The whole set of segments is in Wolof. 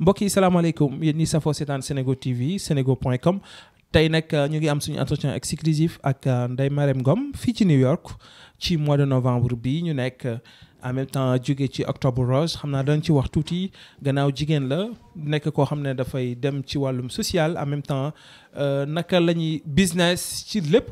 mbokk yi salaamaaleykum yéen ñi safoo seetaan Senego TV senego.com tey nag euh, ñu ngi am suñu entretien exclusif ak euh, Ndeye Marème Ngom fii ci New York ci mois de novembre bi ñu nekk en même temps jóge ci octobre rose xam naa dañ ci wax tuuti gannaaw jigéen la nekk koo xam ne dafay dem ci wàllum social en même temps Euh, naka la ñuy business ci lépp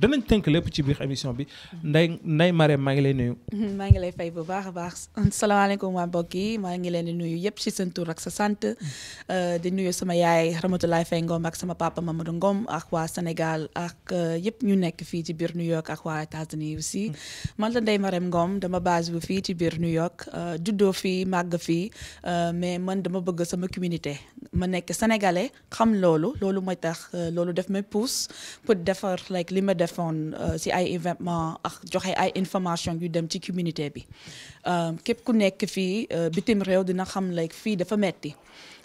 danañ tënk lépp ci biir émission bi nday nday Marème maa ngi lay nuyu. maa ngi lay fay bu baax a baax salaamaaleykum waa mbokk yi maa ngi leen di nuyu yëpp ci seen tur ak sa sant euh, di nuyu sama yaay Ramatoulaye Faye ngoom ak sama papa Mamadou ngoom ak waa Sénégal ak euh, yëpp ñu nekk fii ci biir New York ak waa États-Unis aussi mm. man la nday Marème ngoom dama base bu fii ci biir New York juddoo fii màgg fii mais man dama bëgg sama communauté ma nekk sénégalais mooy tax euh, loolu def may pousse pour defar like li ma defoon euh, si ay événement ak joxe ay information yu dem ci communauté bi euh, képp ku nekk fii bitim réew dina xam like fii dafa metti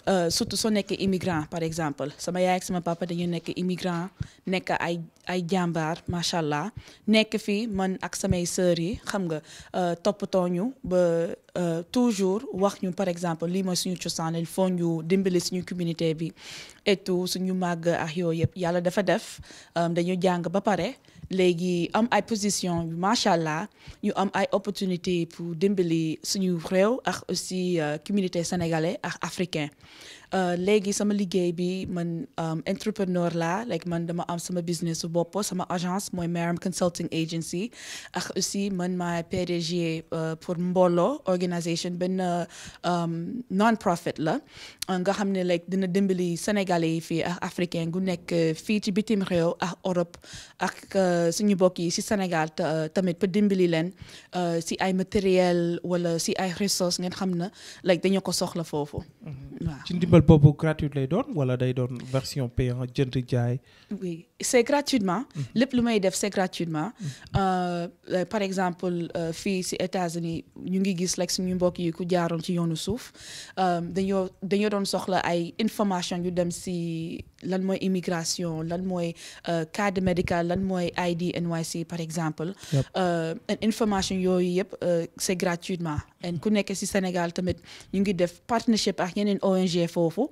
Euh, surtout soo nekkee immigrant par exemple sama yaay ak sama papa dañu nekk immigrant nekk ay ay jàmbaar macha allah nekk fii man ak samay sœurs yi xam nga euh, toppatoo ñu ba euh, toujours wax ñu par exemple lii mooy suñu cosaan il faut ñu dimbali suñu communauté bi et tout suñu màgg ak yooyu yëpp yàlla dafa def dañu jàng ba pare. léegi am ay position macha allah ñu am ay opportunité pour dimbali suñu réew ak aussi euh, communauté sénégalais ak africain Euh, léegi sama liggéey bi man um, entrepreneur la like man dama am sama business su bopp sama agence mooy Meram Consulting Agency ak aussi man maay PDG euh, pour Mbolo organisation benn um, non profit la euh, nga xam ne like dina dimbali sénégalais yi fii ak africain gu nekk fii ci bitim réew ak orop ak suñu mbokk yi si Sénégal tamit pour dimbali leen si ay matériel wala si ay ressources ngeen xam na like dañoo ko soxla foofu mhm. waaw boobu gratuite lay doon wala day doon version payant jënd jaay. c'est gratuitement. lépp lu may def c'est gratuitement. Euh, euh, par exemple euh, fii si États-Unis ñu ngi gis like suñu mbokk yi ku jaaroon ci yoonu suuf dañoo dañoo doon soxla ay information yu dem si lan mooy immigration lan mooy cadre médical lan mooy ID NYC par exemple. information yooyu yëpp c'est gratuitement. ku nekke si Sénégal tamit ñu ngi def partnership ak yeneen ONG foofu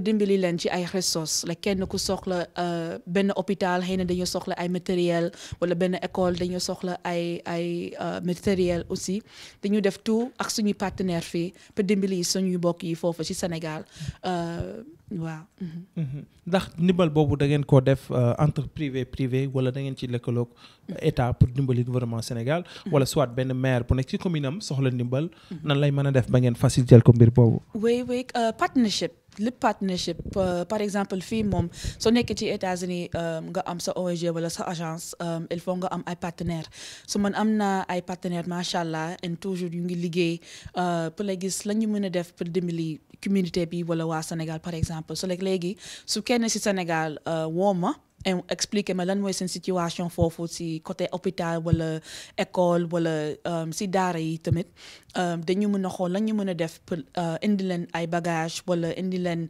dimbali leen ci ay ressources la kenn ku soxla benn benn hôpital xëy na dañoo soxla ay matériel wala benn école dañoo soxla ay ay euh, matériel aussi dañu def tout ak suñuy partenaire fii pour dimbali suñuy mbokk yi foofu ci Sénégal euh, waaw. Mm-hmm. Mm-hmm. ndax ndimbal boobu da ngeen koo def euh, entre privé privé wala da ngeen ci lëkkaloog état pour dimbali gouvernement Sénégal. Mm-hmm. wala soit benn maire bu nekk ci commune am soxla ndimbal. nan lay mën a def ba ngeen faciliter ko mbir boobu. lépp partnership euh, par exemple fii moom so nekkee ci États-Unis euh, nga am sa ONG wala sa agence euh, il faut nga am ay partenaire su man am na ay partenaire macha allah en toujours ñu ngi liggéey pour la gis la ñu mën a def pour dimbali communauté bi wala waa Sénégal par exemple so léegi su kenn si Sénégal wooma expliquer ma lan mooy seen situation foofu si côté hôpital wala école wala euh, si daara yi tamit euh, dañu mën a xool lan ñu mën a def pour euh, indi leen ay bagage wala indi leen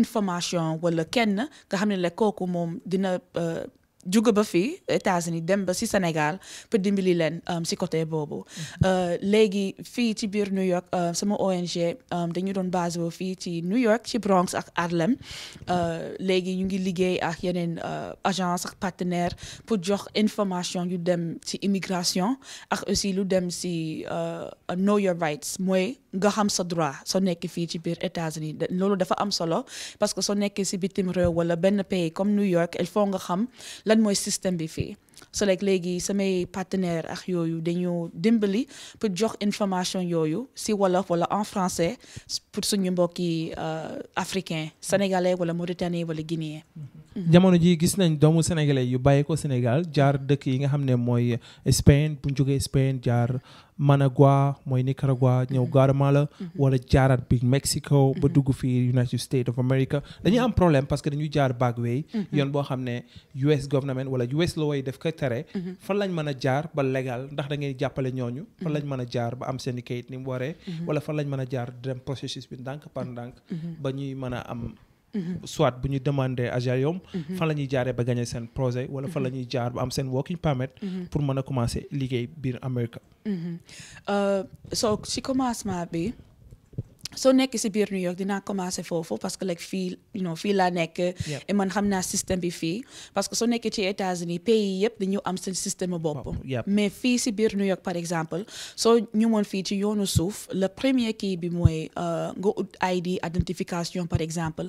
information wala kenn nga xam ne la kooku moom dina jóge ba fii États-Unis dem ba si Sénégal pour dimbali leen um, si côté boobu mm-hmm. uh, léegi fii ci biir New York uh, sama ONG um, dañu doon basé wu fii ci New York ci Bronx ak Harlem uh, léegi ñu ngi liggéey ak yeneen agence ak partenaire pour jox information yu dem ci immigration ak aussi lu dem si know your rights mooy nga xam sa droit soo nekk fii ci biir États-Unis loolu dafa am solo parce que soo nekkee si bitim réew wala benn pays comme New York il faut nga xam lan mooy système bi fii so like léegi samay partenaire ak yooyu dañu dimbali pour jox information yooyu si wolof wala en français pour suñu mbokki euh, africain sénégalais wala mauritanien wala guinéen mhm. jamono ji gis nañ doomu sénégalais yu bàyyi ko Sénégal jaar dëkk yi nga xam ne mooy Spain bu ñu jógee Spain jaar Managua mooy Nicaragua ñëw Guatemala mhm. wala jaaraat bi Mexico ba mhm. dugg fii United States of America dañuy am problème parce que dañuy jaar backway mhm. yoon boo xam ne US government wala US law yi daf koy tere fan lañ mën a jaar ba légal ndax da ngeen jàppale ñooñu fan lañ mën a jaar ba am seen ni waree wala fan lañ mën a jaar dem processus bi ndànk par ndànk ba ñuy mën a am Mm-hmm. soit bu ñu demander agent yoom mm-hmm. fan la ñuy jaaree ba gagné seen projet wala fan la mm-hmm. jaar ba am seen working permit pour mën a commencer liggéey biir Amérique euh, so ci commencement bi soo nekkee si biir New York dinaa commencé foofu parce que like fii you fii laa nekk et man xam naa système bi fii parce que soo nekkee ci États-Unis pays yëpp dañu am seen système bopp mais fii si biir New York par exemple soo ñu moon fii ci yoonu suuf le premier kii bi mooy euh, nga ut ID identification par exemple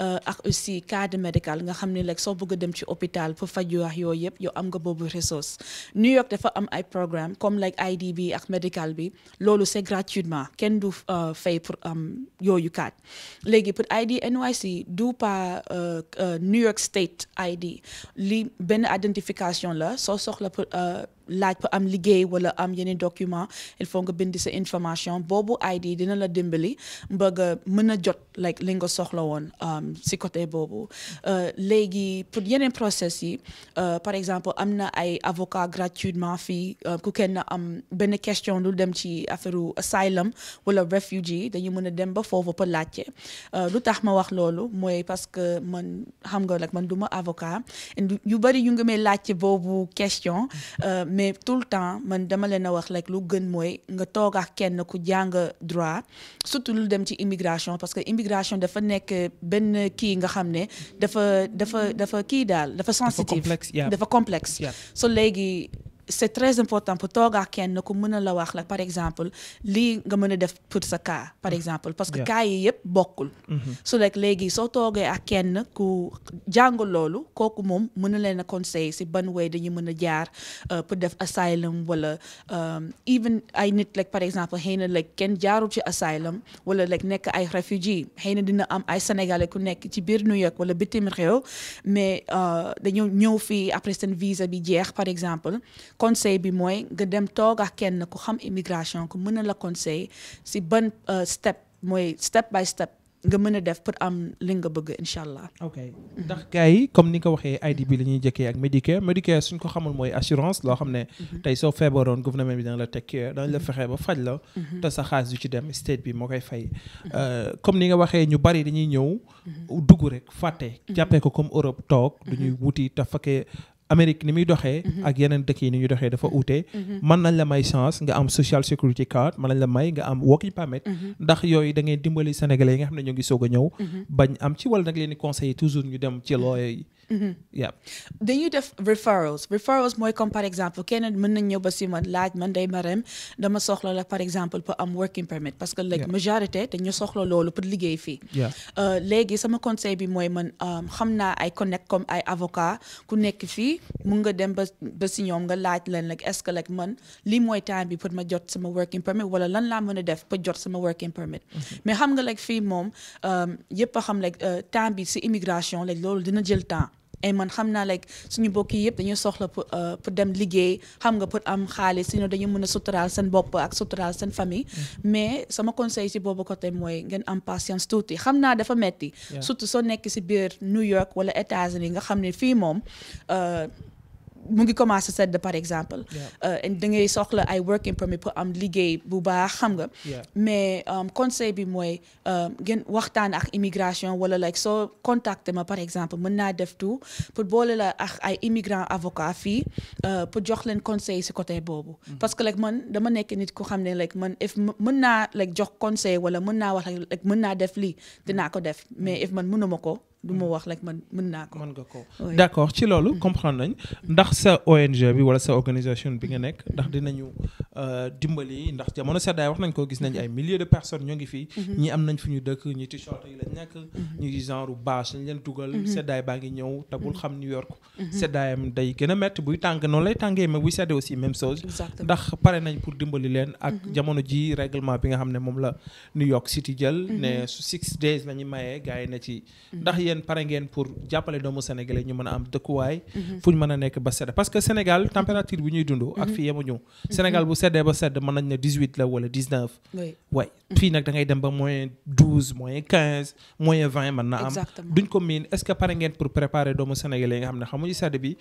euh, ak aussi carte médical nga xam ne like soo bëgg dem ci hôpital pour faju wax yooyu yëpp am nga boobu ressource New York dafa am ay programme comme like ID bi ak médical bi loolu c'est gratuitement yooyukaat léegi pour ID NYC du pas euh, euh, New York State ID li benn identification la soo soxla euh, laaj pour am liggéey wala am yeneen document il faut nga bindi sa information boobu ay ID dina la dimbali ba nga mën a jot like li nga soxla woon um, si côté boobu euh, léegi pour yeneen process yi euh, par exemple am na ay avocat gratuitement fii euh, ku kenn am benn question lu dem ci affaire asylum wala refugee dañu mën a dem ba foofu pour laajte lu tax ma wax loolu mooy parce que man xam nga nag man du ma avocat yu bëri yu nga may laajte boobu question mais tout le temps man dama leen a wax rek lu gën mooy nga toog ak kenn ku jàng droit surtout lu dem ci immigration parce que immigration dafa nekk benn kii nga xam ne dafa dafa dafa kii daal dafa sensitive dafa complexe so léegi c'est très important pour toogaa kenn ku mën a la wax la par exemple lii nga mën a def pour sa cas par mm-hmm. exemple parce que cas yi yëpp bokkul mm-hmm. su rek léegi soo toogee ak kenn ku jàng loolu kooku moom mën na leen a conseil si ban way dañu mën a jaar euh, pour def asylum wala euh, even ay nit like par exemple xëy na like kenn jaarul ci asylum wala like nekk ay réfugié xëy na dina am ay sénégalais ku nekk ci biir New York wala bitim réew mais euh, dañoo ñëw fii après sen visa bi jeex par exemple conseil bi mooy nga dem toog ak kenn ku xam immigration ku mën a la conseil si ban euh, step mooy step by step nga mën a def pour am li nga bëgg incha allah. ok mhm. ndax gars yi comme ni nga ko waxee IDB la ñuy jëkkee ak Medicare Medicare suñ ko xamul mooy assurance loo xam ne. Mhm. tey soo feebaroon gouvernement bi dana la tekki euh, danañ la mhm. fexee ba faj la. te sa xaalis du ci dem state bi moo koy fay. Euh, comme ni nga waxee ñu bari dañuy ñëw. dugg rek fàtte. jàppee ko comme Europe toog. ñuy wuti te fekkee Amérique ni muy doxee. Mhm. ak yeneen dëkk yi ni ñuy doxee dafa uute. Mhm. Mhm. mën nañ la may chance nga am social security card mën nañ la may nga am working permit. ndax yooyu da ngay dimbali sénégalais yi nga xam ne ñoo ngi soog a ñëw. bañ am ci wala nag leen di conseiller toujours ñu dem ci looy. Mm-hmm. yep dañuy def referrals referrals mooy comme par exemple kenn mën nañ ñëw ba si man laaj man day marem dama soxla la par exemple pour am working permit parce que like majorité dañu soxla loolu pour liggéey fii euh, léegi sama conseil bi mooy man euh, xam naa ay connect comme ay avoca ku nekk fii mun nga dem ba ba si ñoom nga laaj leen like est-ce que like man li mooy temps bi pour ma jot sama working permit wala lan laa mën a def pour jot sama working permit mm-hmm. mais xam nga like fii moom euh, yëpp a xam like temps bi si immigration like loolu dina jël temps et man xam naa like suñu mbokk yi yëpp dañuy soxla pour euh, pour dem liggéey xam nga pour am xaalis sinon dañuy mën a suturaal seen bopp ak suturaal seen famille mm-hmm. mais sama conseil si boobu côté mooy ngeen am patience tuuti xam naa dafa metti surtout soo nekk si biir New York wala États-Unis nga xam ne fii moom euh, mu ngi commencé sedd par exemple euh, da ngay soxla ay working permit pour am liggéey bu baax xam nga mais um, conseil bi mooy um, ngeen waxtaan ak immigration wala like soo contacté ma par exemple mën naa def tout pour boole la ak ay immigrant avocat fii euh, pour jox leen conseil si côté boobu mm-hmm. parce que like man dama nekk nit ku xam ne like man if mën naa like jox conseil wala mën naa wax like mën naa def lii dinaa ko def mm-hmm. mais if man mënuma ko du ma hmm. wax rek man mën naa ko. ko d' accord ci loolu hmm. comprendre nañ ndax sa ONG bi wala sa organisation bi nga nekk ndax dinañu euh, dimbali ndax jamono seddaay wax nañ ko gis nañ hmm. ay milliers de personnes ñoo ngi fii ñi am nañ fi ñu dëkk ñu t-shirt yi lañ nekk. ñu ngi genre bâche lañ leen dugal. seddaay baa ngi ñëw te bul xam New York. seddaayam day gën a métti buy tàng noonu lay tàngee mais buy seddee aussi même chose. ndax pare nañ pour dimbali leen ak jamono ji règlement bi nga xam ne moom la New York City jël. ne su six la ñu mayee gars yi yéen pare ngeen pour jàppale doomu sénégalais ñu mën a am dëkkuwaay mhm. fu ñu mën a nekk ba sedd parce que Sénégal température bi ñuy dund ak fii mhm. yemuñu Sénégal bu seddee ba sedd mën nañ ne dix-huit la wala dix-neuf waay mhm. fii nag da dem ba moins douze moins quinze moins vingt mën na am duñ ko miin est-ce que pare ngeen pour préparer doomu sénégalais yi nga xam ne xamuñu sedd bi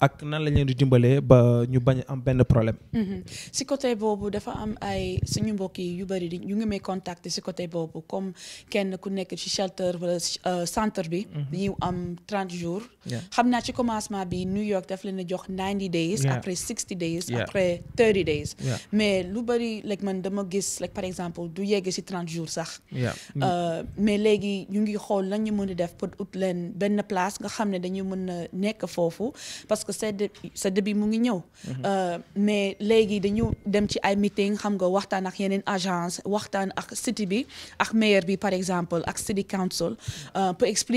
ak nan lañ leen dimbalee ba ñu bañ am benn problème si côté boobu dafa feebar bi. dañuy mm-hmm. am 30 jours. xam naa ci commencement bi New York daf leen a jox 90 days. après 60 days. après 30 days. mais lu bari like man dama gis par exemple du yegg si 30 jours sax. Mm. Euh, mais léegi ñu ngi xool lan ñu mën a def pour leen benn place nga xam ne dañu mën a nekk foofu parce que sedd sedd bi mu ngi ñëw. Mm-hmm. Euh, mais léegi dañu dem ci ay meeting xam nga waxtaan ak yeneen agence waxtaan ak city bi ak maire bi par exemple ak city council euh,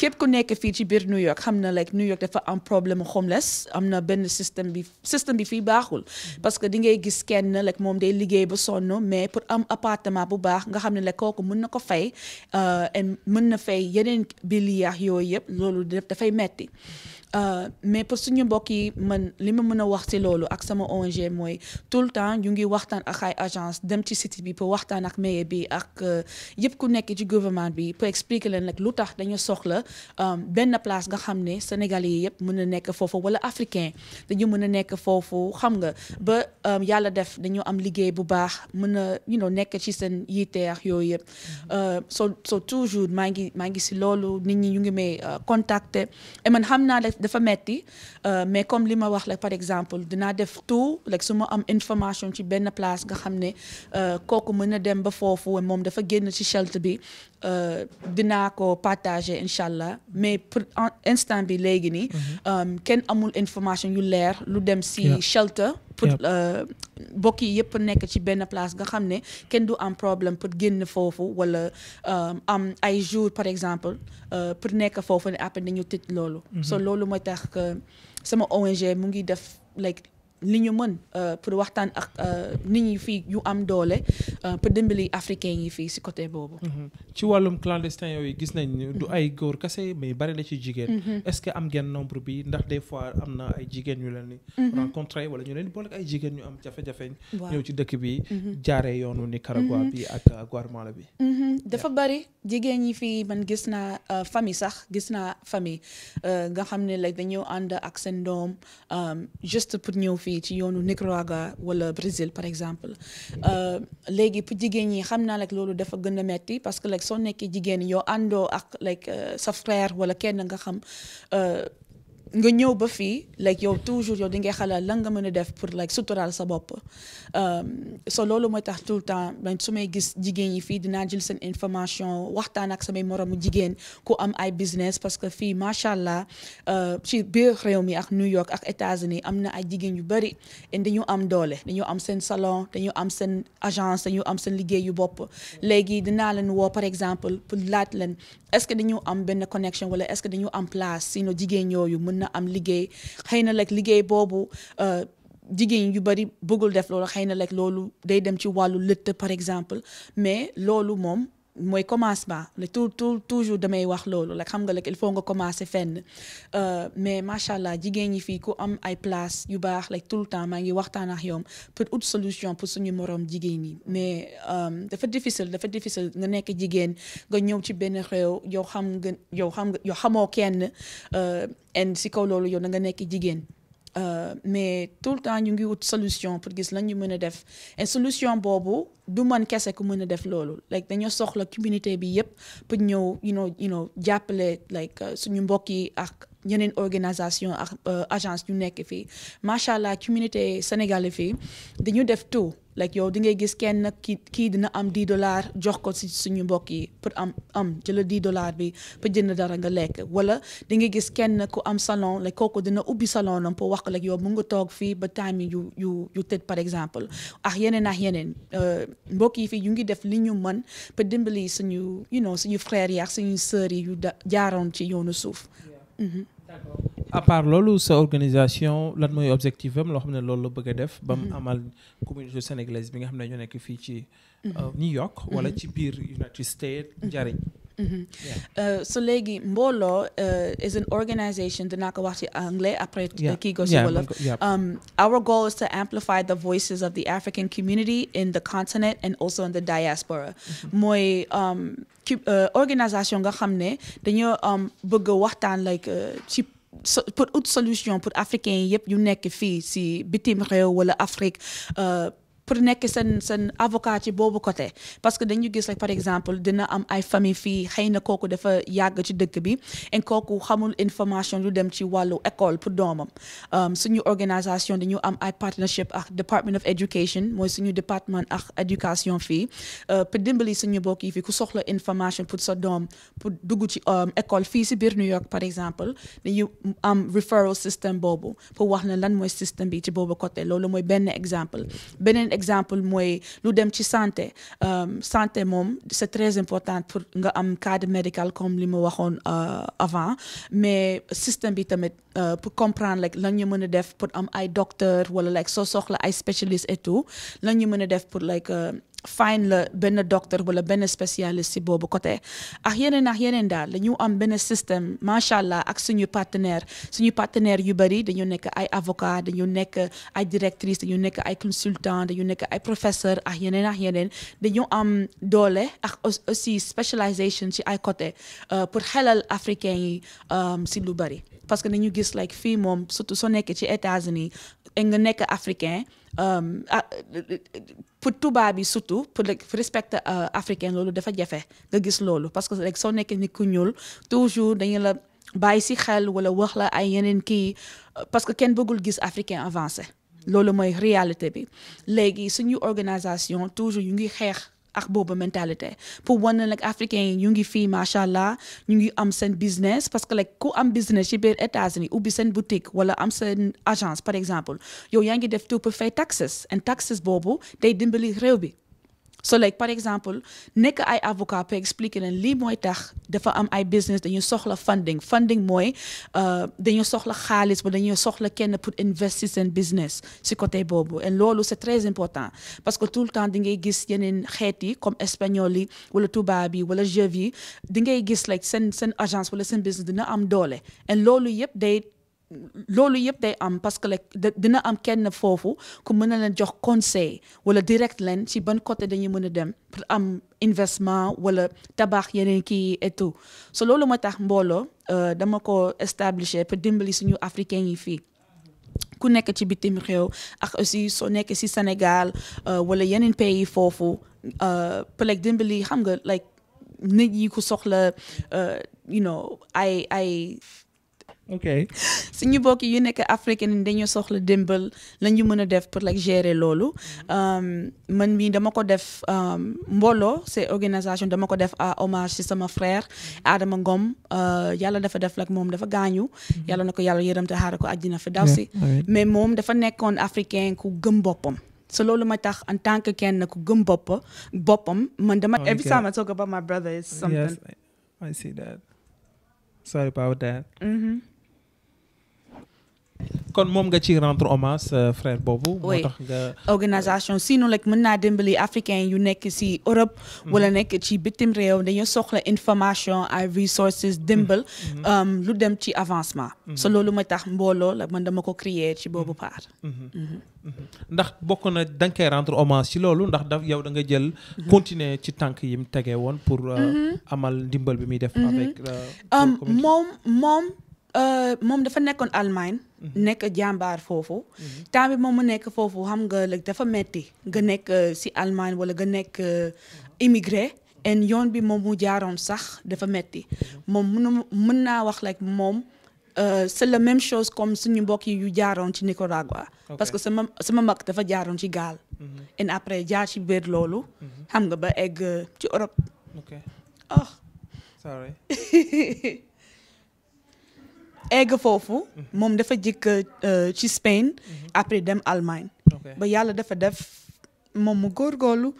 képp ku nekk fii ci biir New York xam na like New York dafa am problème homeless am na benn système bi système bi baaxul mm-hmm. parce que di ngay gis kenn like moom day liggéey ba sonn mais pour am appartement bu baax nga xam ne like kooku mën na ko fay euh, mën na fay yeneen bi liyaax yooyu yëpp loolu dafay metti Euh, mais pour suñu mbokk yi man li ma mën a wax si loolu ak sama ONG mooy tout le temps ñu ngi waxtaan ak ay agence dem ci site bi pour waxtaan ak mais bi ak euh, yëpp ku nekk ci gouvernement bi pour expliquer leen nag lu tax dañu soxla euh, benn place nga xam ne Sénégalais yi yëpp mën a nekk foofu wala africain dañu mën a nekk foofu xam nga ba yàlla def dañu am liggéey bu baax mën a you nekk ci seen yiteex yooyu yëpp so toujours maa ngi maa ngi si loolu nit ñi ñu ngi may contacter dafa metti euh, mais comme li ma wax la par exemple dinaa def tout like su am information ci benn place nga xam ne euh, kooku mën na dem ba foofu moom dafa génn ci shelter bi euh, dinaa ko partager incha allah mais pour instant bi léegi nii mhm. kenn amul information yu leer lu dem si shelter pour euh, bokk yi yëpp nekk ci benn place nga xam ne kenn du am problème pour génn foofu wala euh, am ay jours par exemple euh, pour nekk foofu ne après dañu tëj loolu mhm. so loolu mooy tax que sama ONG mu ngi def like li ñu mën euh, pour waxtaan ak euh, nit ñi fi yu am doole euh, pour dimbali africain yi fii si côté boobu. Mhm. ci wàllum clandestin yooyu gis nañ du mhm. ay góor kase mais bari la ci jigéen. Mhm. est-ce que am ngeen nombre bi ndax des fois am na ay jigéen ñu leen di. rencontré wala ñu leen di boole ay jigéen ñu am jafe-jafe. ñëw ci dëkk bi. jaaree yoonu Nicaragua bi ak Guatemala bi. dafa bari jigéen ñi fi man gis naa famille sax gis naa famille nga xam ne like dañoo ànd ak seen doom juste pour ñëw fii ci yoonu Nicaragua wala Brésil par exemple euh, léegi pour jigéen ñi xam naa like loolu dafa gën a metti parce que like soo nekkee jigéen yow andoo ak like euh, sa frère wala kenn nga xam euh, nga ñëw ba fii like yow toujours yow di ngay xalaat lan nga mën a def pour like suturaal sa bopp um, so loolu mooy tax tout le temps man su may gis jigéen yi fii dinaa jël seen information waxtaan ak samay moromu jigéen ku am ay business parce que fii macha allah uh, ci biir réew mi ak New York ak États-Unis am na ay jigéen yu bëri et dañu am doole dañu am seen salon dañu am seen agence dañu am seen liggéey yu bopp léegi dinaa leen woo par exemple pour laaj leen est-ce que dañu am benn connexion wala est-ce que dañu am place sinon jigéen yooyu mën am liggéey xëy na lekk liggéey boobu euh, jigéen yu bari bëggul def loolu xëy na lekk loolu day dem ci wàllu lëtt par exemple mais loolu moom mooy commencement le tout tout toujours damay wax loolu la xam nga la il faut nga commencer fenn euh, mais macha allah jigéen ñi fii ku am ay place yu baax la tout le temps maa ngi waxtaan ak yoom pour autre solution pour suñu moroom jigéen ñi mais euh, dafa difficile dafa difficile nga nekk jigéen nga ñëw ci benn réew yow xam nga yow xam nga yow xamoo kenn en euh, si kaw loolu yow na nga nekk jigéen. Euh, mais tout le temps ñu ngi wut solution pour gis lan ñu mën a def et solution boobu du man kese ku mën a def loolu like dañoo soxla communauté bi yëpp pour ñëw you know you know jàppale like euh, suñu mbokk yi ak yeneen organisation ak euh, agence ñu nekk fii macha allah communauté sénégalais fii dañu def tout. like yow di ngay gis kenn kii kii dina am 10 dollars jox ko si suñu mbokk yi pour am am jëla 10 dollars bi pour jënd dara nga lekk wala di nga gis kenn ku am salon like kooku dina ubbi nam pour wax like yow mu nga toog fii ba time yu yu yu tëj par exemple ax yeneen ax yeneen euh, mbokk yi fii yu ngi def li ñu mën pour dimbali suñu you know suñu frères yi suñu sœurs yi yu jaaroon ci yoonu suuf mm-hmm. à part loolu sa organisation lan mooy objectif am loo xam ne loolu la bëgg def ba mu mm-hmm. amal communauté sénégalaise bi nga xam ne ñoo nekk fii ci mm-hmm. euh, New York mm-hmm. wala ci biir United States njariñ euh, so léegi mbooloo euh, is an organization dinaa ko wax ci anglais après kii ko si wolof um, our goal is to amplify the voices of the African community in the continent and also in the diaspora mooy um, organisation nga xam ne dañoo um, bëgg waxtaan like ci pour autre solution pour africains yëpp yu nekk fii si bitim réew wala Afrique euh, pour nekk seen seen avocat ci boobu côté parce que dañu gis rek par exemple dina am ay famille fii xëy na kooku dafa yàgg ci dëkk bi kooku xamul information lu dem ci wàllu école pour doomam um, suñu organisation dañu am ay partnership ak Department of Education mooy suñu département ak éducation fii uh, pour dimbali suñu mbokk yi fii ku soxla information pour sa doom pour dugg ci um, école fii si biir New York par exemple dañu am referral system boobu pour wax na lan mooy système bi ci boobu côté loolu mooy benn exemple beneen exemple mooy lu dem ci santé euh, santé moom c'est très important pour nga am cadre médical comme li ma waxoon euh, avant mais système bi tamit euh, pour comprendre like lan ñu mën a def pour am ay docteur wala like soo soxla ay spécialiste et tout lan ñu mën a def pour like find la benn docteur wala benn spécialiste si boobu côté ak yeneen ak yeneen daal dañu am benn système macha allah ak suñu partenaire suñu partenaire yu bëri dañu nekk ay avocat dañu nekk ay directrice dañu nekk ay consultant dañu nekk ay professeur ak yeneen ak yeneen dañu am doole ak aussi specialisation ci ay côté euh, pour xelal africain yi si euh, lu bëri parce que nañu gis like fii moom surtout soo nekkee ci États-Unis nga nekk africain Um, ah, pour tubaab yi surtout pour respect euh, africain loolu dafa jafe nga gis loolu parce que rek soo nekkee nit ku ñuul toujours dañu la bàyyi si xel wala wax la ay yeneen kii parce que kenn bëggul gis africain avancé loolu mooy réalité bi léegi suñu organisation toujours yu ngi xeex. ak boobu mentalité pour wan na nag africain yi ñu ngi fii macha allah ñu am seen business parce que like ku am business ci biir États-Unis ubbi seen boutique wala am seen agence par exemple yow yaa ngi def tu peux fay taxes and taxes boobu day dimbali réew bi. so like par exemple nekk ay avocat pour expliquer leen lii mooy tax dafa am ay business dañu soxla funding funding mooy euh, dañu soxla xaalis ba dañu soxla kenn pour investir seen business si côté boobu et loolu c'est très important parce que tout le temps di ngay gis yeneen xeet yi comme espagnol yi wala tubaab yi wala jeuve yi di ngay gis like seen seen agence wala seen business dina am doole et loolu yëpp day loolu yëpp day am parce que dina am kenn foofu ku mën a leen jox conseil wala direct leen ci ban côté dañuy mën a dem pour am investment wala tabax yeneen kii et tout so loolu moo tax mbooloo euh, dama ko establisher pour dimbali suñu africain yi fii ku nekk ci bitim réew ak aussi soo nekk si Sénégal euh, wala yeneen pays yi foofu euh, pour like dimbali xam nga like nit yi ko soxla you know ay ok suñu mbokk yu nekk africain ni dañoo soxla dimbal la ñu mën a def pour like gérer loolu um, man mii dama ko def um, mbooloo c'est organisation dama ko def à hommage ci sama frère Adama Ngom uh, yàlla dafa def lak moom dafa gaañu yàlla na ko yàlla yërëm te xaare ko àjjana fi daw si mais moom dafa nekkoon africain ku gëm boppam so loolu ma tax en tant que kenn ku gëm boppa boppam man dama oh, every time I talk about my brother is something kon moom nga ci rendre hommage euh, frère boobu. moo tax nga organisation sinon like mën naa dimbali africain yu nekk si Europe. Mhm. wala nekk ci bitim réew dañoo soxla information ay resources dimbal. Mhm. Mhm. Um, lu dem ci avancement. so loolu ma tax mbooloo la man dama ko créer ci boobu part. ndax bokk na da rentre koy rendre ci loolu ndax daf yow da nga jël. continuer ci tànk yi mu tegee woon pour. Euh, amal ndimbal bi muy def. Euh, um, moom moom. Euh, moom dafa nekkoon Allemagne. Mhm. nekk jàmbaar foofu. Mhm. temps bi moom mu nekk foofu xam nga léegi dafa metti nga nekk euh, si Allemagne wala nga nekk euh, mhm. immigré. en yoon bi moom mu jaaroon sax dafa metti moom mën mën naa wax like moom. c'est la même chose comme suñu mbokk yi yu jaaroon ci Nicaragua. parce que sama sama mag dafa jaaroon ci gaal. et après jaar ci biir loolu. xam nga ba egg ci Europe. Oh. egg foofu moom dafa jëkk euh, ci Spain après dem Allemagne ba yàlla dafa def moom mu góorgóorlu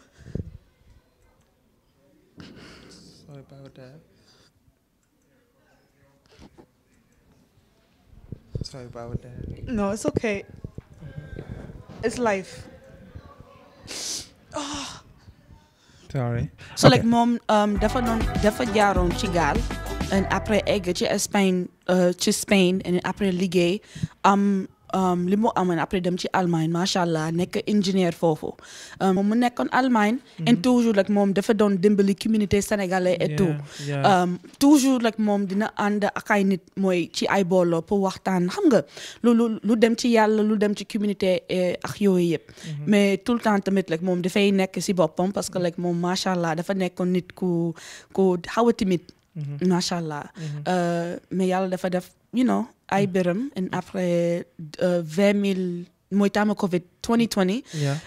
Sorry ah. like moom um, dafa doon dafa jaaroon ci gaal après egg ci Espagne euh, ci Spain après liggéey am li mu amoon après dem ci Allemagne macha allah nekk ingénieur foofu euh, moom mu nekkoon Allemagne. et mhm. toujours rek moom dafa doon dimbali communauté sénégalaise et um, toujours rek moom dina ànd ak ay nit mooy ci ay booloo pour waxtaan xam nga lu lu dem ci yàlla lu dem ci communauté eh, ak yooyu yëpp. Mhm. mais tout le temps tamit rek moom dafay nekk si boppam parce que rek moom macha allah dafa nekkoon nit ku ku xaw a timide Mm-hmm. macha allah. Mm-hmm. Uh, mais yàlla dafa def you know ay mm-hmm. bërëm and après euh, vingt mille. mooy taamu Covid 2020.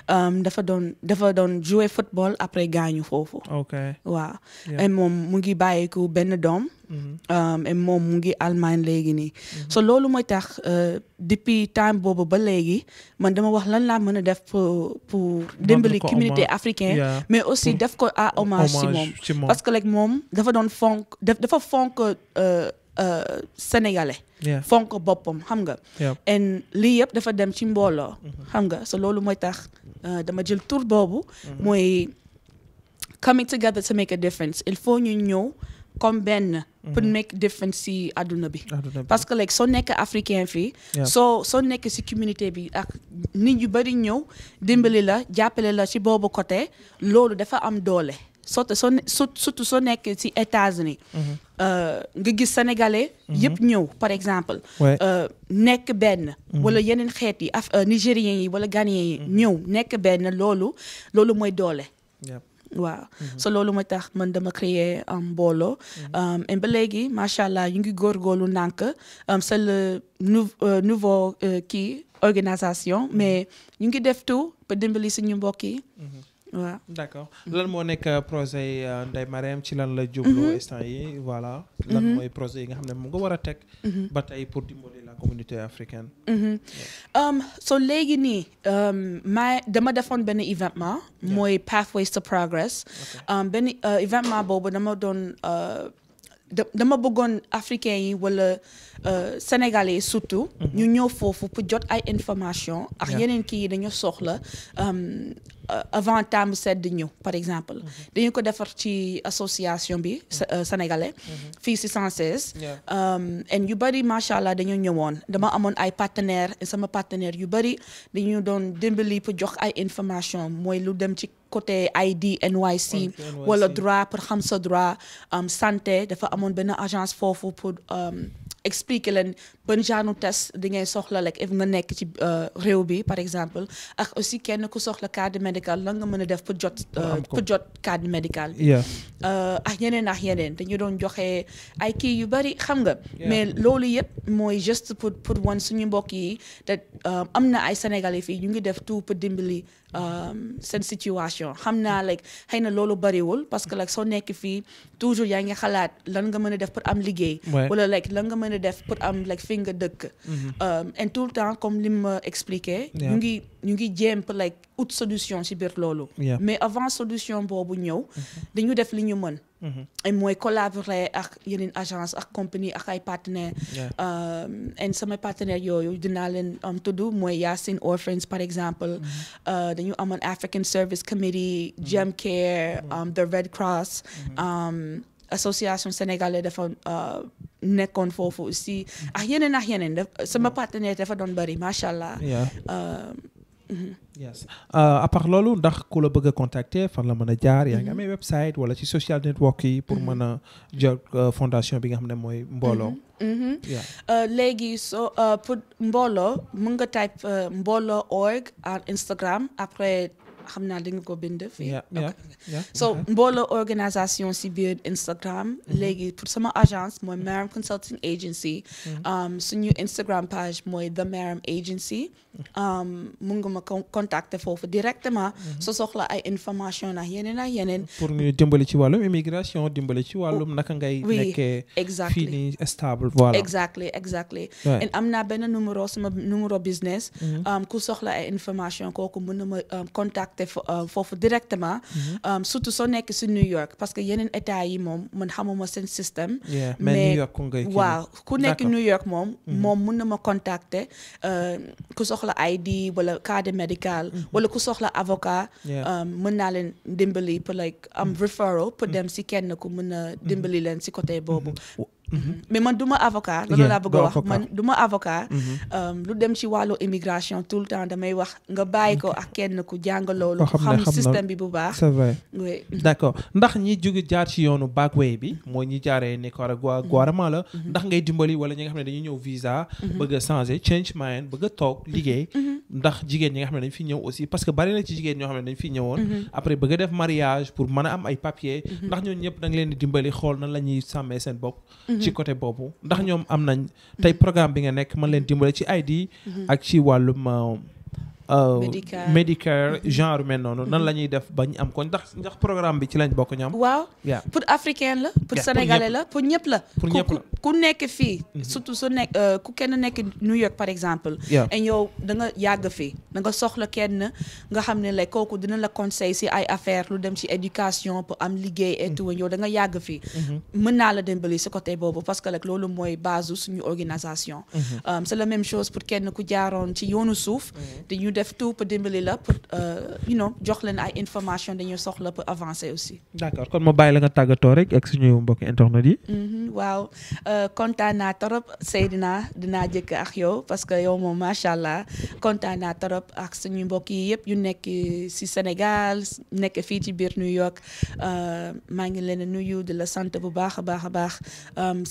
Um, dafa doon dafa doon jouer football après gaañu foofu. ok waaw. moom mu ngi bàyyeeku benn doom. e moom mu ngi Allemagne léegi nii. Mm-hmm. so loolu mooy tax euh, depuis time boobu ba léegi man dama wax lan laa mën a def pour pour. dimbali communauté mais aussi def ko à hommage ci moom. parce que like moom dafa doon fonk dafa fonk. Euh, Euh, sénégalais. fonk boppam xam nga. lii yëpp dafa dem ci mbooloo. Mm-hmm. xam nga so loolu mooy tax euh, dama jël tur boobu. Mm-hmm. mooy coming together to make a difference il faut ñu ñëw comme benn. pour mm-hmm. make difference si àdduna bi. parce que like soo nekk africain fii. soo soo nekk si communauté bi ak nit yu bari ñëw dimbali la jàppale la ci boobu côté loolu dafa am doole. so soo surtout soo nekk ci États-Unis mhm. euh, nga gis sénégalais mhm. yëpp ñëw par exemple euh, nekk benn mhm. wala yeneen xeet yi af euh, nigériens yi wala ghanéens yi ñëw nekk benn loolu loolu mooy doole waaw so loolu mooy tax man dama créer um, mbooloo et um, ba léegi macha allah ñu ngi góorgóorlu ndànk um, c'est le nouveau kii organisation mais ñu ngi def tout ba dimbali suñu mbokk yi waaw d'accord lan moo nekk euh, projet yi euh, Ndeye Marème ci lan la jublu mhm. instant yi voilà mhm. lan mooy projet yi nga xam ne mu nga war a teg mhm. ba tey pour dimbali la communauté africaine um, so léegi nii um, maa dama defoon benn événement mooy Pathways to Progress um, benn euh, événement boobu dama doon dama bëggoon africain yi wala sénégalais yi surtout ñu ñëw foofu pour jot ay information ak yeneen kii dañu soxla Euh, avant taamu sedd ñëw par exemple. Mhm. dañu ko defar ci association bi euh, sénégalais. Mhm. fii si en um, yu bëri macha allah dañoo ñëwoon dama amoon ay partenaires sama partenaire yu bëri dañu doon dimbali pu jox ay information mooy lu dem ci. côté ID NYC wala droit pour xam um, santé dafa amoon benn agence foofu um, expliquer leen ban genre test di ngay soxla rek if nga nekk ci euh, réew bi par exemple ak aussi kenn ku soxla carte médical lan nga mën a def pour jot pour euh, jot carte médicale bi euh, ak yeneen ak yeneen dañu doon joxe ay kii yu bari xam nga mais loolu yëpp mooy juste pour pour wan suñu mbokk yi te am na ay sénégalais fii ñu ngi def tout pour dimbali seen situation xam naa like xëy na loolu bariwul parce que like soo nekk fii toujours yaa ngi xalaat lan nga mën a def pour am liggéey wala like lan nga mën a def pour am like fi nga dëkk mhm. um, and tout le temps comme li ma expliqué ñu ngi ñu ngi jéem pour like out solution ci biir loolu mais avant solution boobu ñëw mhm. dañu def li ñu mën mhm. et mooy collaborer ak yeneen agence ak compagnie ak ay partenaires um, and sama partenaire yooyu dinaa leen am um, tudd mooy Yasin Orphans par exemple uh, dañu amoon African Service Committee Gem Care the Red Cross association sénégalaise dafa euh, nekkoon foofu si mm-hmm. ak yeneen ak yeneen sama mm-hmm. partenaire defa doon bëri macha allah. Euh, mm-hmm. yes euh, à loolu ndax ku la bëgg a fan la mën a jaar yaa ngi amee website wala ci social network yi pour mën a jot fondation bi nga xam ne mooy mbooloo léegi so pour mbooloo mën nga type mbooloo org en Instagram après xam naa li nga ko bind fii so mbooloo organisation si biir Instagram mm-hmm. léegi pour sama agence mooy Maram mm-hmm. Consulting Agency mm-hmm. um, suñu Instagram page mooy The Maram Agency um, mun nga ma contacter foofu directement so soxla ay information ak yeneen ak yenen pour ñu dimbali ci wàllum immigration dimbali ci wàllum naka ngay nekkee fii nii stable voilà exactly exactly and am naa benn numéro sama numéro business um, ku soxla ay information contacter euh, foofu directement. Mhm. Um, surtout soo nekk si New York parce que yeneen état yi moom man xamuma seen système. mais New York ku waaw ku nekk New York moom. Mhm. moom mun na ma contacter euh, ku soxla ID wala carte médicale. Mhm. wala ku soxla avoca um, mën naa leen dimbali pour like am referral dem si kenn ku mën a dimbali leen si côté boobu. Mhm. mais man du ma avocat loolu laa bëgg man du ma avocat mhm. um, lu dem ci wàllu immigration tout le temps damay wax nga bàyyi ko ak kenn ku jàngaloo jàng loolu xam système bi bu baax c'est vrai d'accord ndax ñi jóge jaar ci yoonu backway bi mooy ñi jaaree a Nicaragua mhm. la ndax ngay dimbali wala ñi nga xam ne dañuy ñëw visa bëgg a changer change mind toog liggéey ndax jigéen ñi nga xam ne dañ fi ñëw aussi parce que bari na ci jigéen ñoo xam ne dañ fi ñëwoon après bëgg a def mariage pour mën a am ay papier ndax ñooñu ñëpp da leen di dimbali xool nan la ñuy sàmmee bopp ci mhm. côté boobu ndax ñoom am nañ tey programme bi nga nekk mën leen dimbale ci ID mhm. ak ci ma Euh, Medicare Medicare mm-hmm. genre mel noonu. nan mm-hmm. la def ba ñu am ko ndax programme bi ci lañ bokk ñoom. waaw pour africain la. pour sénégalais la pour ñëpp la. pour ku nekk fii. Mm-hmm. surtout su nekk euh, ku kenn nekk New York par exemple. et yow da yàgg fii da nga soxla kenn nga xam ne lay kooku dina la conseil si ay affaire lu dem ci éducation pour am liggéey et tout da nga yàgg fii. mën naa la dimbali si côté boobu parce que nag loolu mooy base suñu organisation. Um, c'est la même chose pour kenn ku jaaroon ci yoonu suuf. def tout pour dimbali la pour euh, you know jox leen ay information dañuy soxla pour avancer aussi. d'accord kon ma bàyyi la nga tàggatoo rek ak suñu mbokki internet yi. Mm-hmm, waaw euh, kontaan naa trop Seydina dinaa jëkk ak yow parce que yow moom macha allah kontaan naa trop ak suñu mbokk yi yëpp yu nekk si Sénégal nekk fii ci biir New York euh, maa ngi leen a nuyu di la sant bu baax a baax a baax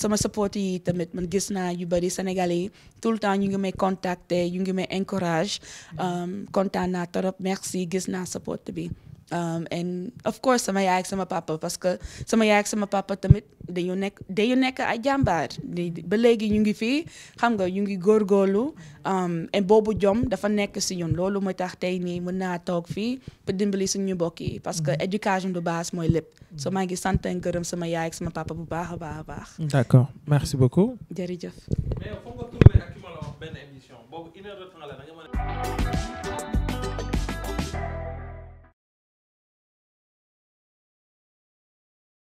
sama support yi tamit man gis naa yu bari sénégal yi tout le ngi may contacter ñu ngi may encourage. Um, kontaan naa trop merci gis naa support bi um, and of course sama yaay ak sama papa parce que sama yaay ak sama papa tamit dañu nekk dañu nekk ay jàmbaar ba léegi ñu ngi fii xam nga ñu ngi góorgóorlu et um, boobu jom dafa nekk si ñun loolu mooy tax tey nii mën naa toog fii pour dimbali suñu mbokk yi parce que mm-hmm. éducation de base mooy lépp so maa ngi sant ak gërëm sama yaay ak sama papa bu baax a baax a baax. d'accord merci beaucoup. jërëjëf. boobu une heure de temps la da nga mën a